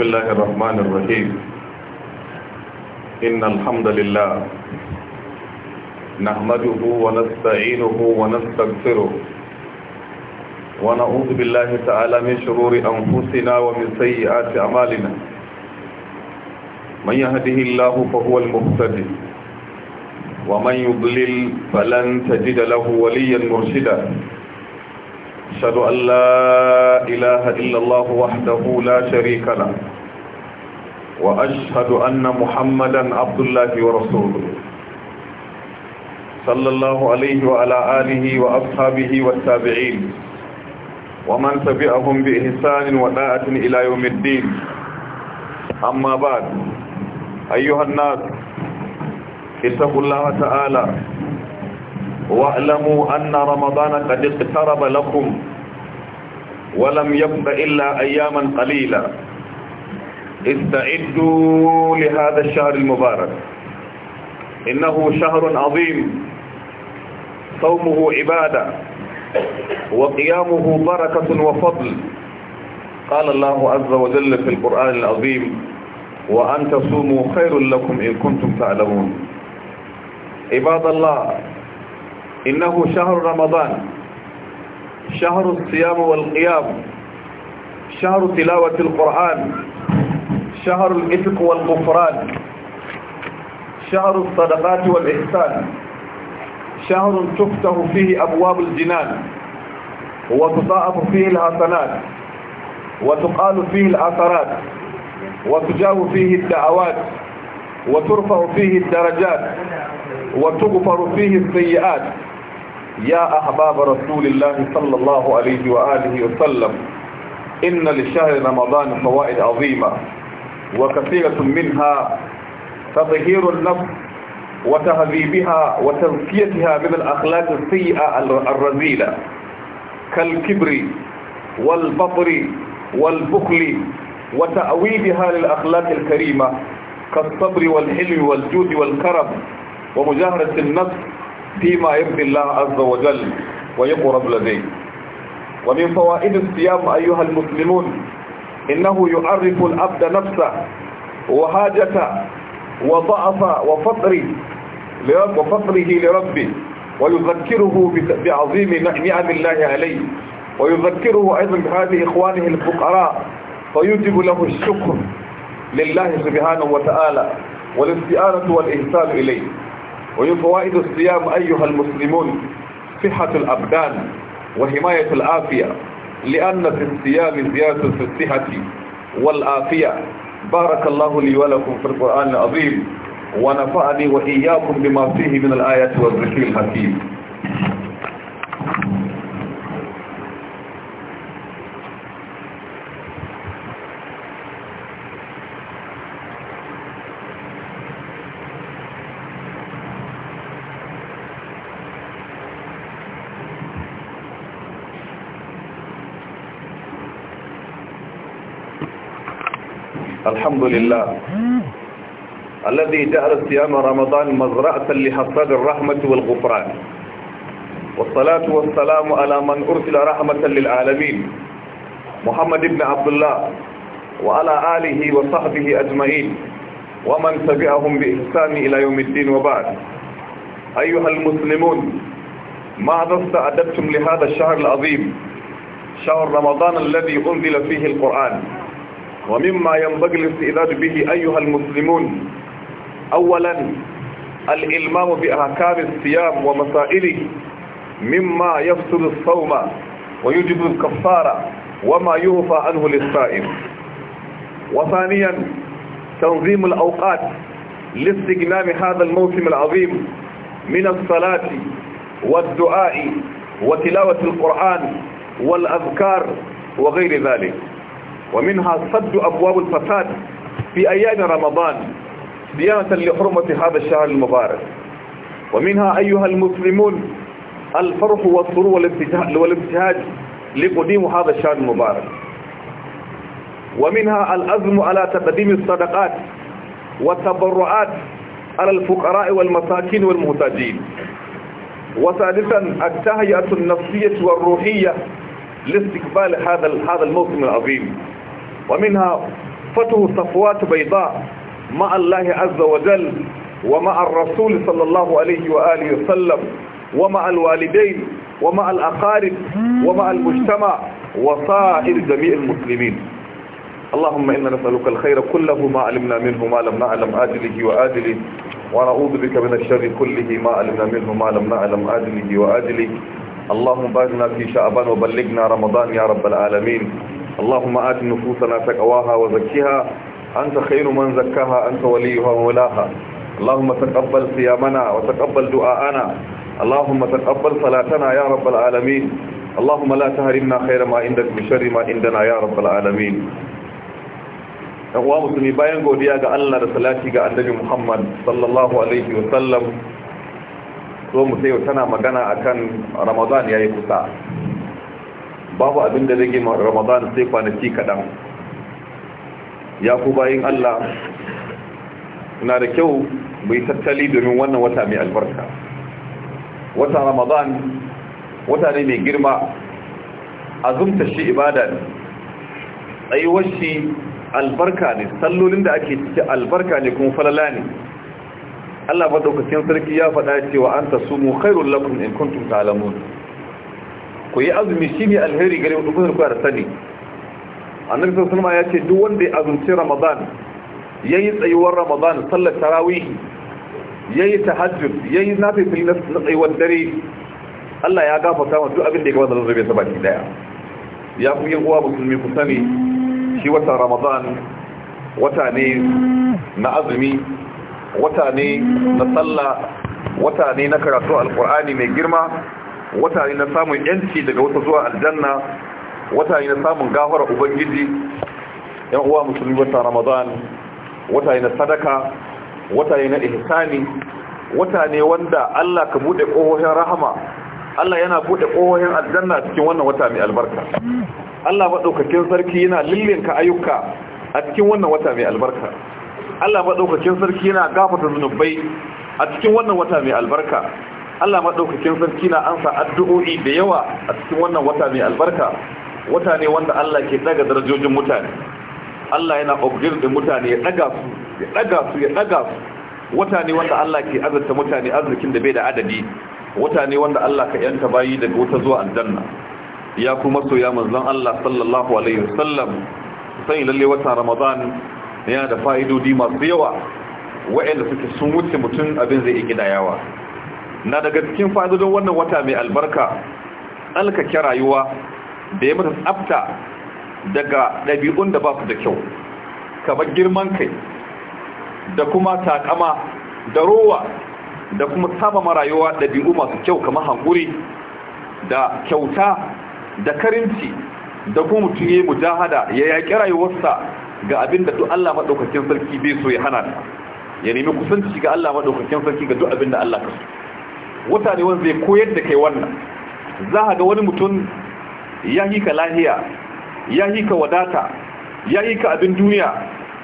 بسم الله الرحمن الرحيم إن الحمد لله نحمده ونستعينه ونستغفره ونعوذ بالله تعالى من شرور أنفسنا ومن سيئات أعمالنا من يهده الله فهو المهتدي ومن يضلل فلن تجد له وليا مرشدا أشهد أن لا إله إلا الله وحده لا شريك له وأشهد أن محمدا عبد الله ورسوله صلى الله عليه وعلى آله وأصحابه والتابعين ومن تبعهم بإحسان وداعة إلى يوم الدين أما بعد أيها الناس اتقوا الله تعالى واعلموا أن رمضان قد اقترب لكم ولم يبق إلا أياما قليلة استعدوا لهذا الشهر المبارك إنه شهر عظيم صومه عبادة وقيامه بركة وفضل قال الله عز وجل في القرآن العظيم وأن تصوموا خير لكم إن كنتم تعلمون عباد الله إنه شهر رمضان شهر الصيام والقيام شهر تلاوة القرآن شهر الإفق والغفران شهر الصدقات والإحسان شهر تفتح فيه أبواب الجنان وتطاعف فيه الحسنات وتقال فيه الأثرات وتجاب فيه الدعوات وترفع فيه الدرجات وتغفر فيه السيئات يا أحباب رسول الله صلى الله عليه وآله وسلم إن لشهر رمضان فوائد عظيمة وكثيرة منها تطهير النفس وتهذيبها وتزكيتها من الأخلاق السيئة الرذيلة كالكبر والبطر والبخل وتأويلها للأخلاق الكريمة كالصبر والحلم والجود والكرم ومجاهرة النفس فيما يرضي الله عز وجل ويقرب لديه ومن فوائد الصيام أيها المسلمون إنه يعرف الأبد نفسه وحاجته وضعف وفطره وفطره لربه ويذكره بعظيم نعم الله عليه ويذكره أيضا بهذه إخوانه الفقراء فيجب له الشكر لله سبحانه وتعالى والاستئانة والإحسان إليه ومن فوائد الصيام أيها المسلمون صحة الأبدان وحماية العافية لأن في الصيام زيادة في الصحة والآفية بارك الله لي ولكم في القرآن العظيم ونفعني وإياكم بما فيه من الآيات والذكر الحكيم الحمد لله الذي جعل صيام رمضان مزرعة لحصاد الرحمة والغفران والصلاة والسلام على من أرسل رحمة للعالمين محمد بن عبد الله وعلى آله وصحبه أجمعين ومن تبعهم بإحسان إلى يوم الدين وبعد أيها المسلمون ماذا استعددتم لهذا الشهر العظيم شهر رمضان الذي أنزل فيه القرآن ومما ينبغي الاستئذان به أيها المسلمون أولا الإلمام بأحكام الصيام ومسائله مما يفسد الصوم ويجب الكفارة وما يوفى عنه للصائم وثانيا تنظيم الأوقات لاستجنام هذا الموسم العظيم من الصلاة والدعاء وتلاوة القرآن والأذكار وغير ذلك ومنها سد أبواب الفساد في أيام رمضان ديانة لحرمة هذا الشهر المبارك ومنها أيها المسلمون الفرح والسرور والابتهاج لقديم هذا الشهر المبارك ومنها الأزم على تقديم الصدقات والتبرعات على الفقراء والمساكين والمهتاجين وثالثا التهيئة النفسية والروحية لاستقبال هذا هذا الموسم العظيم ومنها فتح صفوات بيضاء مع الله عز وجل ومع الرسول صلى الله عليه وآله وسلم ومع الوالدين ومع الأقارب ومع المجتمع وصائر جميع المسلمين اللهم إنا نسألك الخير كله ما علمنا منه ما لم نعلم آجله وآجله ونعوذ بك من الشر كله ما علمنا منه ما لم نعلم آجله وآجله اللهم بارنا في شعبان وبلغنا رمضان يا رب العالمين اللهم آت نفوسنا تقواها وزكها أنت خير من زكاها أنت وليها وولاها اللهم تقبل صيامنا وتقبل دعاءنا اللهم تقبل صلاتنا يا رب العالمين اللهم لا تهرمنا خير ما عندك بشر ما عندنا يا رب العالمين uwa musulmi bayan godiya ga Allah da salati ga annabi Muhammad sallallahu alaihi wa sallam so mu sai tana magana akan Ramadan yayi kusa babu abin da zai ma ramadan sai kwanaki kaɗan ya ku bayin allah na da kyau bai tattali domin wannan wata mai albarka wata ramadan wata ne mai girma azumta shi ibada ne tsayuwar shi albarka ne sallolin da ake cike albarka ne kuma falala ne allah maɗaukacin sarki ya faɗa cewa an ta mu khairun lakum in kuntum ta'lamun ku yi azumi shi ne alheri gare ku kun da sani annabi sallallahu ya ce duk wanda ya azumci ramadan yayi tsayuwar ramadan sallar tarawih yayi tahajjud yayi fili na tsayuwar dare Allah ya gafata wa duk abin da ya gaba da zube ta baki daya ya fi yin uwa musulmi ku sani shi wata ramadan wata ne na azumi wata ne na sallah wata ne na karatu alkur'ani mai girma wata ne na samun yanci daga wata zuwa aljanna wata ne na samun gafara ubangiji yan uwa musulmi wata ramadan wata ne na sadaka wata ne na ihsani wata ne wanda Allah ka bude kohohin rahama Allah yana bude kohohin aljanna cikin wannan wata mai albarka Allah maɗaukakin sarki yana lillinka ayyuka a cikin wannan wata mai albarka Allah maɗaukakin sarki yana gafata zunubai a cikin wannan wata mai albarka Allah maɗaukakin sarki na ansa addu'o'i da yawa a cikin wannan wata mai albarka wata ne wanda Allah ke daga darajojin mutane Allah yana objir da mutane ya daga su ya daga su ya daga su wata ne wanda Allah ke azurta mutane arzikin da bai da adadi wata ne wanda Allah ka yanta bayi daga wata zuwa aljanna ya kuma so soya manzon Allah sallallahu alaihi wasallam sai lalle wata Ramadan yana da fa'idodi masu yawa wa'anda suke sun wuce mutum abin zai iya gidayawa na daga cikin fa'idodin wannan wata mai albarka alkake rayuwa da ya mata tsabta daga ɗabi'un da ba su da kyau kamar girman kai da kuma takama da rowa da kuma saba marayuwa ɗabi'u masu kyau kamar hankuri da kyauta da karinci da kuma mutum ya yi mujahada ya yaƙi rayuwarsa ga abin da duk Allah maɗaukakin sarki bai so ya hana ta ya nemi kusanci ga Allah maɗaukakin sarki ga duk abin da Allah ka so wata ne wanda zai koyar da kai wannan za a ga wani mutum ya yi ka lahiya ya yi ka wadata ya yi ka abin duniya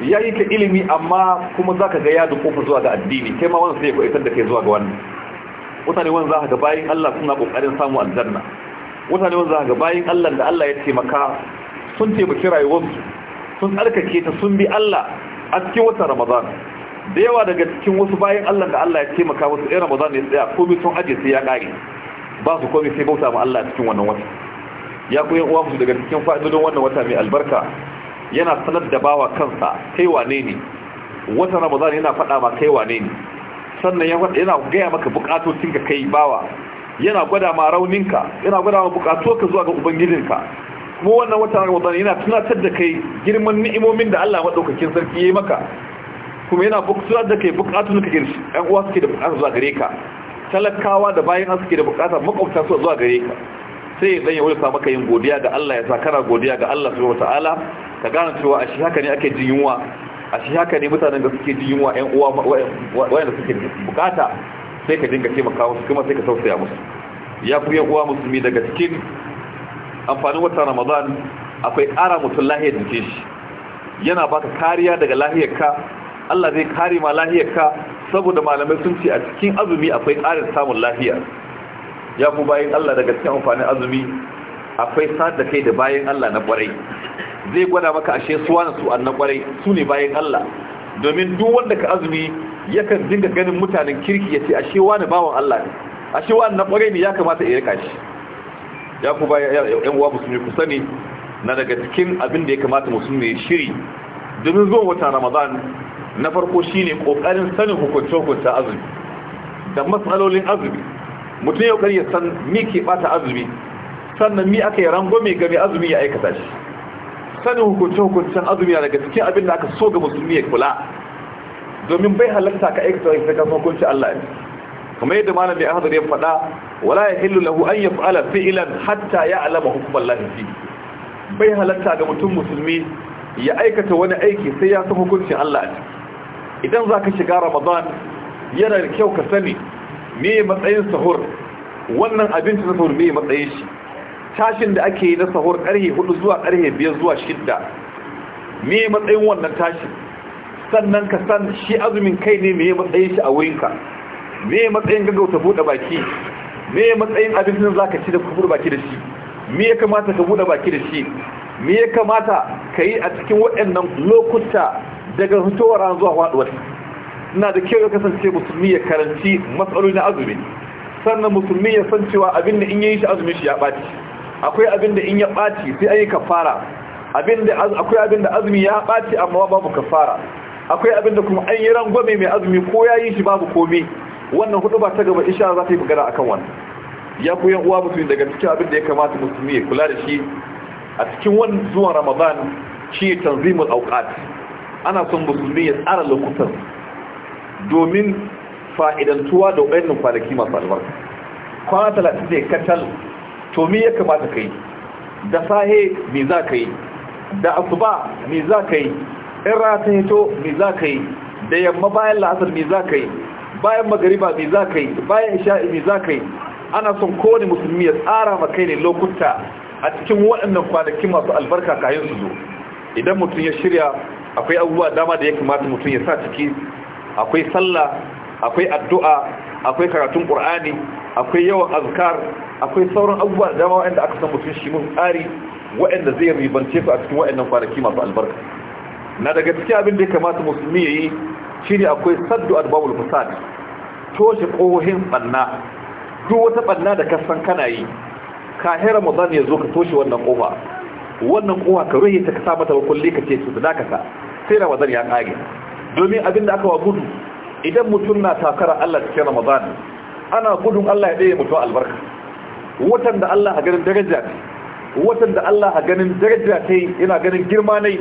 ya yi ka ilimi amma kuma za ka ga da dukofa zuwa ga addini kai ma wannan sai ya kwaitar da kai zuwa ga wannan ne wanda za a ga bayan Allah suna kokarin samu aljanna ne wanda za a ga bayan Allah da Allah ya taimaka sun taimaki rayuwarsu sun tsarkake ta sun bi Allah a cikin watan Ramadan da yawa daga cikin wasu bayan Allah da Allah ya taimaka wasu ɗaya Ramadan za ne tsaya komai sun aje sai ya ƙare ba su komai sai bauta ma Allah cikin wannan wata ya koyi uwa su daga cikin fa'idodin wannan wata mai albarka yana sanar da bawa kansa kai wane ne wata Ramadan yana faɗa ma kai wane ne sannan yana gaya maka buƙatocin ka kai bawa yana gwada ma rauninka yana gwada ma ka zuwa ga ubangijinka kuma wannan wata Ramadan yana tunatar da kai girman ni'imomin da Allah madaukakin sarki yayi maka kuma yana bukatar da kai bukatar ka girshi ɗan uwa suke da bukatar zuwa gare ka talakawa da bayan an suke da bukatar makwabta su zuwa gare ka sai ya zanya wani samaka yin godiya ga Allah ya sa kana godiya ga Allah subhanahu wataala ka gane cewa a shi haka ne ake jin yunwa a shi haka ne mutanen da suke jin yunwa ƴan uwa wayanda suke bukata sai ka dinga taimaka musu kuma sai ka tausaya musu ya ku ƴan uwa musulmi daga cikin amfanin wata Ramadan akwai ƙara mutum lahiyar jikin shi yana baka kariya daga lahiyar ka Allah zai kare ma lahiyarka saboda malamai sun ce a cikin azumi akwai ƙarin samun lafiya ya ku bayan Allah daga cikin amfanin azumi akwai da kai da bayan Allah na kwarai. zai gwada maka ashe suwan su an na kwarai su ne bayan Allah domin duk wanda ka azumi yakan dinga ganin mutanen kirki ya ce ashe wani bawan Allah ne ashe wani na kwarai ne ya kamata ya rika shi ya ku bayan yan uwa musulmi ku sani na daga cikin abin da ya kamata musulmi ya shiri domin zuwan wata ramadan na farko shi ne ƙoƙarin sanin hukuncin hukuncin azumi da matsalolin azumi mutum yau ya san mi ke ɓata azumi sannan mi aka yi mai game azumi ya aikata shi sanin hukuncin hukuncin azumi na daga cikin abin da aka so ga musulmi ya kula domin bai halatta ka aikata wani saka hukunci Allah ne kamar yadda malami ahadar ya faɗa wala ya hillu lahu an fa'ala fi'ilan hatta ya alama hukumar fi bai halatta ga mutum musulmi ya aikata wani aiki sai ya san hukuncin Allah ne idan za ka shiga ramadan yana da kyau ka sani me matsayin sahur wannan abinci na sahur me matsayin shi tashin da ake yi na sahur karhe 4 zuwa karhe 5 zuwa 6 me matsayin wannan tashin sannan ka san shi azumin kai ne me matsayin shi a wurinka me matsayin gaggauta bude baki me matsayin abincin za ka ci da kubur baki da shi me ya kamata ka bude baki da shi me ya kamata ka yi a cikin waɗannan lokuta daga hutowar an zuwa waduwar ina da kyau ya kasance musulmi ya karanci matsaloli na azumi sannan musulmi ya san cewa abin da in yi shi azumi shi ya ɓaci akwai abin da in ya ɓaci sai an yi kafara akwai abin da azumi ya ɓaci amma babu kafara akwai abin da kuma an yi rangwame mai azumi ko ya yi shi babu komi wannan hudu ba ta gaba isha za ta yi magana akan wannan ya ku yan uwa musulmi daga cikin abin da ya kamata musulmi ya kula da shi a cikin wannan zuwan ramadan shi tanzimul awqat ana son musulmi ya tsara lokutan domin fa'idantuwa da wayannan kwanaki masu albarka kwana talatin ne kacal to mi ya kamata ka yi da sahe me za ka yi da asuba me za ka yi in rana ta hito me za ka yi da yamma bayan la'asar me za ka yi bayan magariba me za ka yi bayan isha'i me za ka yi ana son kowane musulmi ya tsara ma kai ne lokuta a cikin waɗannan kwanaki masu albarka kayan su zo idan mutum ya shirya akwai abubuwa dama da ya kamata mutum ya sa ciki akwai sallah akwai addu'a akwai karatun qur'ani akwai yawan azkar akwai sauran abubuwa dama wanda aka san mutum shi mun tsari wanda zai ribance su a cikin wayannan kwanaki masu albarka na daga cikin abin da ya kamata musulmi yayi shine akwai saddu adbabul fasad toshe kohin banna duk wata banna da ka san kana yi ka mu ramadan ya zo ka toshe wannan kofa wannan kowa ka rufe ta ka sa mata kulli ka ce su da ka sa sai ramadan ya kage domin abin da aka wa gudu idan mutum na takara Allah cikin ramadan ana gudun Allah ya ɗaya mutum albarka watan da Allah a ganin daraja ce watan da Allah a ganin daraja ce yana ganin girma ne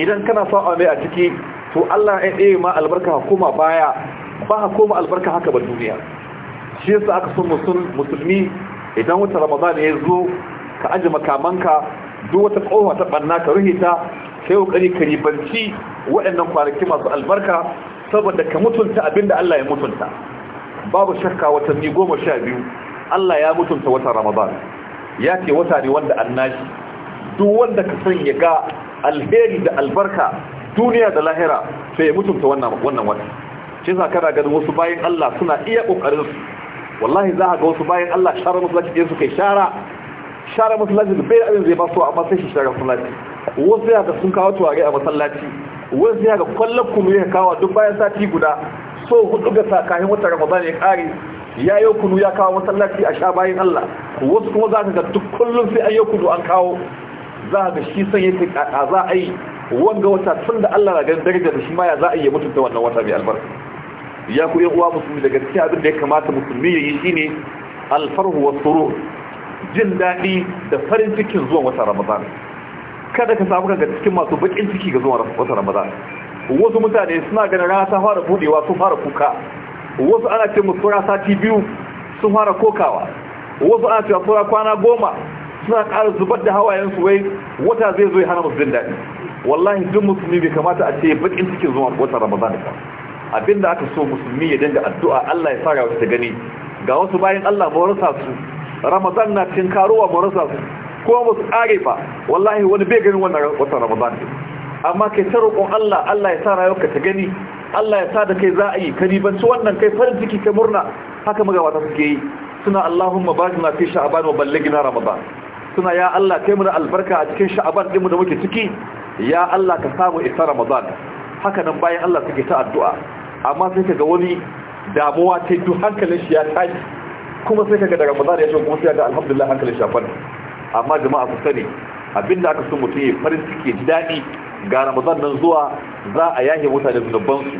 idan kana a mai a ciki to Allah ya ɗaya ma albarka koma baya ba koma albarka haka ba duniya shi yasa aka so musulmi idan wata ramadan ya zo ka aji makamanka duk wata kofa ta banna ka ruhe ta sai kokari ka ribanci waɗannan kwanaki masu albarka saboda ka mutunta abinda Allah ya mutunta babu shakka watanni goma sha biyu Allah ya mutunta wata Ramadan ya ce wata ne wanda annashi duk wanda ka san ya ga alheri da albarka duniya da lahira sai ya mutunta wannan wannan wata shi za kana ganin wasu bayan Allah suna iya kokarin su wallahi za ka ga wasu bayan Allah share musu ɗin su kai shara share musu su bai abin zai ba su amma sai shi share musu wasu ya ga sun kawo tuware a masallaci wasu ya ga kwallon kunu ya kawo duk bayan sati guda so hudu ga sakahin wata ramadan ya kare ya yi kunu ya kawo masallaci a sha bayan allah wasu kuma za ka ga duk kullum sai an yi kunu an kawo za ga shi san yake a za a yi wanga wata tun da allah na ganin darajar shi ma ya za a yi mutunta wannan wata mai albarka ya ku yan uwa musulmi da gaskiya abin da ya kamata musulmi ya yi shine alfarhu wa jin daɗi da farin cikin zuwan wata ramadan kada ka samu kanka cikin masu bakin ciki ga zuwa wata ramadan wasu mutane suna ganin rana ta fara budewa sun fara kuka wasu ana ce musu fara sati biyu sun fara kokawa wasu ana cewa fara kwana goma suna ƙara zubar da hawayensu wai wata zai zo ya hana musu jin daɗi wallahi duk musulmi bai kamata a ce bakin cikin zuwa wata ramadan ka abinda aka so musulmi ya danga addu'a Allah ya fara ga wasu gani ga wasu bayan Allah ba rasa su ramadan na cin karuwa ba rasa su ko ba su kare ba wallahi wani bai ganin wannan watan ramadan amma kai ta roƙon Allah Allah ya sa rayuwarka ta gani Allah ya sa da kai za a yi ka ribanci wannan kai farin ciki ka murna haka magabata suke yi suna Allahumma barik fi sha'ban wa ballighna ramadan suna ya Allah kai mu albarka a cikin sha'aban din mu da muke ciki ya Allah ka samu isa ramadan haka nan bayan Allah suke ta addu'a amma sai kaga wani damuwa ta duk hankalin shi ya tashi kuma sai kaga da ramadan ya zo kuma sai ga alhamdulillah hankalin shi ya amma jama'a su sani abinda aka so mutum ya farin ciki daɗi ga ramadan nan zuwa za a yahe mutane zunubansu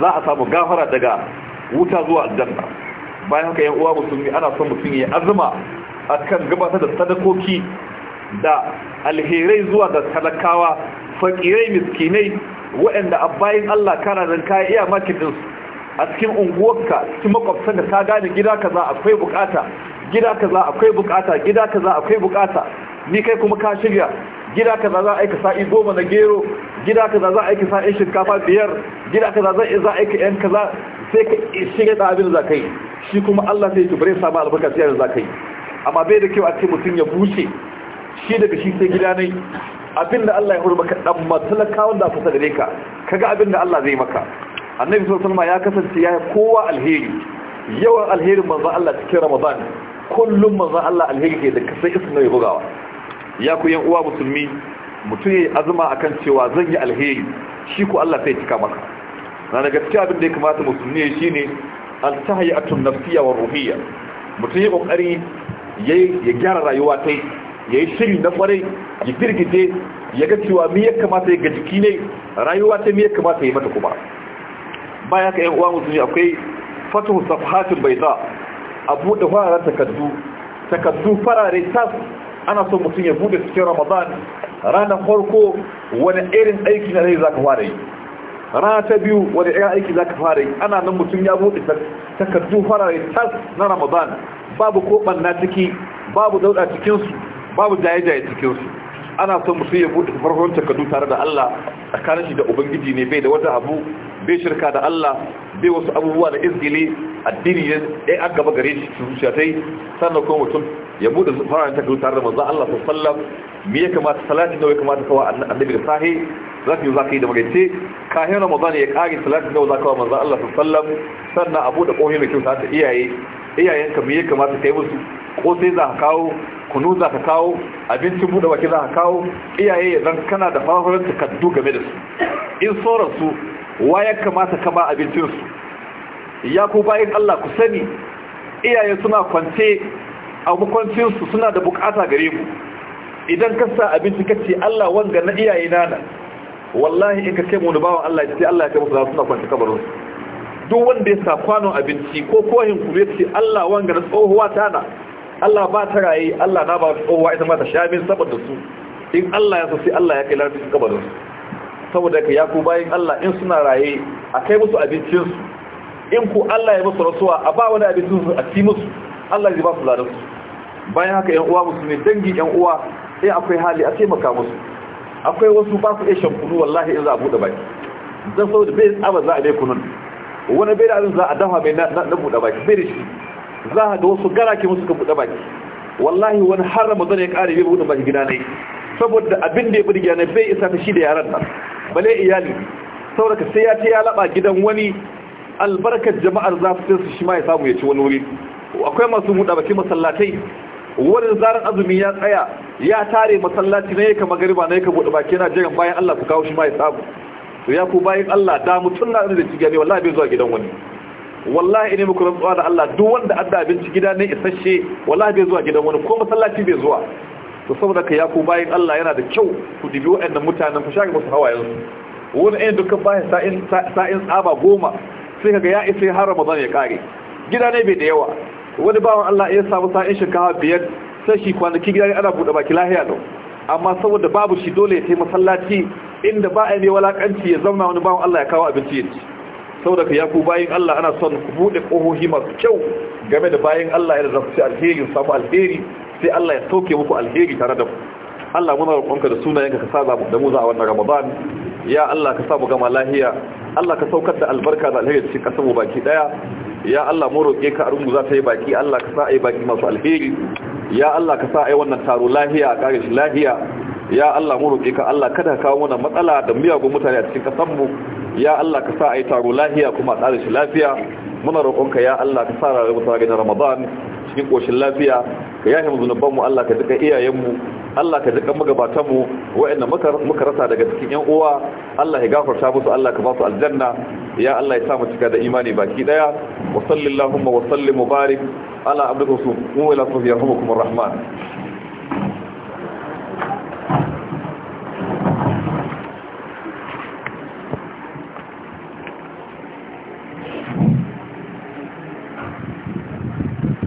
za a samu gafara daga wuta zuwa aljanna bayan haka yan uwa musulmi ana son mutum ya azuma akan gabatar da sadakoki da alherai zuwa da talakawa fakirai miskinai waɗanda a bayan Allah kana nan kaya iya makitinsu a cikin unguwarka cikin makwabtan da ka gane gida kaza akwai bukata gida kaza akwai bukata gida kaza akwai bukata ni kai kuma ka shirya gida kaza za a aika sa'i goma na gero gida kaza za a aika sa'in shinkafa biyar gida kaza za a aika yan kaza sai ka shirya da abin za ka yi shi kuma Allah sai tubare sama albarka sai da za ka yi amma bai da kyau a ce mutum ya bushe shi daga shi sai gida ne abin da Allah ya hurba ka dan matalakawan da kusa gare ka kaga abin da Allah zai maka annabi sallallahu alaihi wasallam ya kasance ya kowa alheri yawan alherin manzo Allah cikin Ramadan kullum manzan Allah alheri ke da kasai isa na bugawa ya ku yan uwa musulmi mutum yayi azuma a kan cewa zan yi alheri shi ku Allah sai cika maka na da gaskiya abin da ya kamata musulmi ya shine a tun nafiya wa ruhiyya mutum ya kokari ya ya gyara rayuwa ta yi shiri na kwarai ya firgite ya ga cewa me ya kamata ya ga jiki ne rayuwa ta mi ya kamata ya mata kuma bayan ka yan uwa musulmi akwai fatuhu bai za a buɗe fararen takaddu takaddu farare tas ana so mutum ya bude cikin ramadan ranar farko wani irin aiki na za ka fara yi rana ta biyu wani irin aiki za ka fara yi ana nan mutum ya buɗe takaddu farare tas na ramadan babu ko banna ciki babu cikin cikinsu babu jaye-jaye cikinsu ana so mutum ya buɗe farkon takaddu tare da Allah tsakanin shi da Ubangiji ne bai da wata abu bai shirka da Allah bai wasu abubuwa da izgili addini ne ɗaya an gaba gare shi zuciya ta yi sannan kuma mutum ya buɗe fararen ta tare da manzan Allah su sallam me ya kamata salati nawa ya kamata kawa annabi da sahi za ka yi za ka yi da magaice kahin ramadan ya ƙari salati nawa za ka wa manzan Allah su sallam sannan a buɗe ƙohi mai kyau ta iyaye iyayenka me ya kamata ka yi musu ko sai za ka kawo kunu za ka kawo abincin buɗe baki za ka kawo iyaye ya zan kana da fararen takardu game da su in sauransu wa ya kamata ka ba abincinsu ya ku bayan Allah ku sani iyaye suna kwance a makwancinsu suna da bukata gare mu idan ka sa abinci ka ce Allah wanga na iyaye nana wallahi in ka ce mu bawan Allah ya ce Allah ya kai musu suna kwance kabarinsu duk wanda ya sa kwanon abinci ko kohin ku ya ce Allah wanga na tsohuwa tana Allah ba ta raye Allah na ba tsohuwa ita ma ta sha min saboda su in Allah ya so sai Allah ya kai lafiya su saboda ka ya ku bayan Allah in suna raye a kai musu abincinsu in ku Allah ya musu rasuwa a ba wani abincinsu a ci musu Allah ya ba su ladarsu bayan haka yan uwa ne dangi yan uwa sai akwai hali a taimaka musu akwai wasu ba su iya shan kunu wallahi in za a buɗe baki dan saboda bai tsaba za a bai kunun wani bai da abin za a dafa mai na buɗe baki bai da shi za a ga wasu garake musu ka buɗe baki wallahi wani har ramadan ya ƙare bai buɗe baki gida ne saboda abin da ya burge ne bai isa ka shi da yaran nan bale iyali sauraka sai ya ce ya laba gidan wani albarkar jama'ar za su su shi ma ya samu ya ci wani wuri akwai masu muda baki masallatai wani zarar azumi ya tsaya ya tare masallaci na yaka magariba na yaka buɗe baki yana jiran bayan Allah ku kawo shi ma ya samu to ya ku bayan Allah da mutum na da cigiya ne wallahi bai zuwa gidan wani wallahi ne muku rantsuwa da Allah duk wanda adda abinci gida ne isasshe wallahi bai zuwa gidan wani ko masallaci bai zuwa to saboda ka bayan Allah yana da kyau ku dibi waɗannan mutanen ku shaga musu su wani ɗayan duka bayan sa'in sa'in tsaba goma sai kaga ya isa har Ramadan ya kare gida ne bai da yawa wani bawan Allah ya samu sa'in shinkafa biyar sai shi kwanaki gida ne ana buɗe baki lahiya lau amma saboda babu shi dole ya taimaka masallaci inda ba a mai walakanci ya zauna wani bawan Allah ya kawo abinci ya ci saboda ka yaku bayin Allah ana son ku bude kohohi masu kyau game da bayin Allah ya zafi sai alheri samu alheri sai Allah ya sauke muku alheri tare da ku Allah muna roƙonka da sunayenka ka sa da mu za a wannan Ramadan ya Allah ka mu gama lahiya Allah ka saukar da albarka da alheri cikin kasar mu baki daya ya Allah mu roƙe ka a rungu za ta yi baki Allah ka sa a yi baki masu alheri ya Allah ka sa a yi wannan taro lahiya a ƙarshe lahiya ya Allah mu roƙe ka Allah kada kawo mana matsala da miyagun mutane a cikin kasan mu ya Allah ka sa a taro lafiya kuma a tsare shi lafiya muna roƙonka ya Allah ka sa rayuwar mutane na Ramadan cikin koshin lafiya ka yahe mu mu Allah ka duka iyayen mu Allah ka duka magabatan mu wa'anda muka muka rasa daga cikin ƴan uwa Allah ya gafarta musu Allah ka ba su aljanna ya Allah ya sa mu cika da imani baki daya wa sallallahu wa sallim mubarak ala abdikum wa ila sufiyahum rahman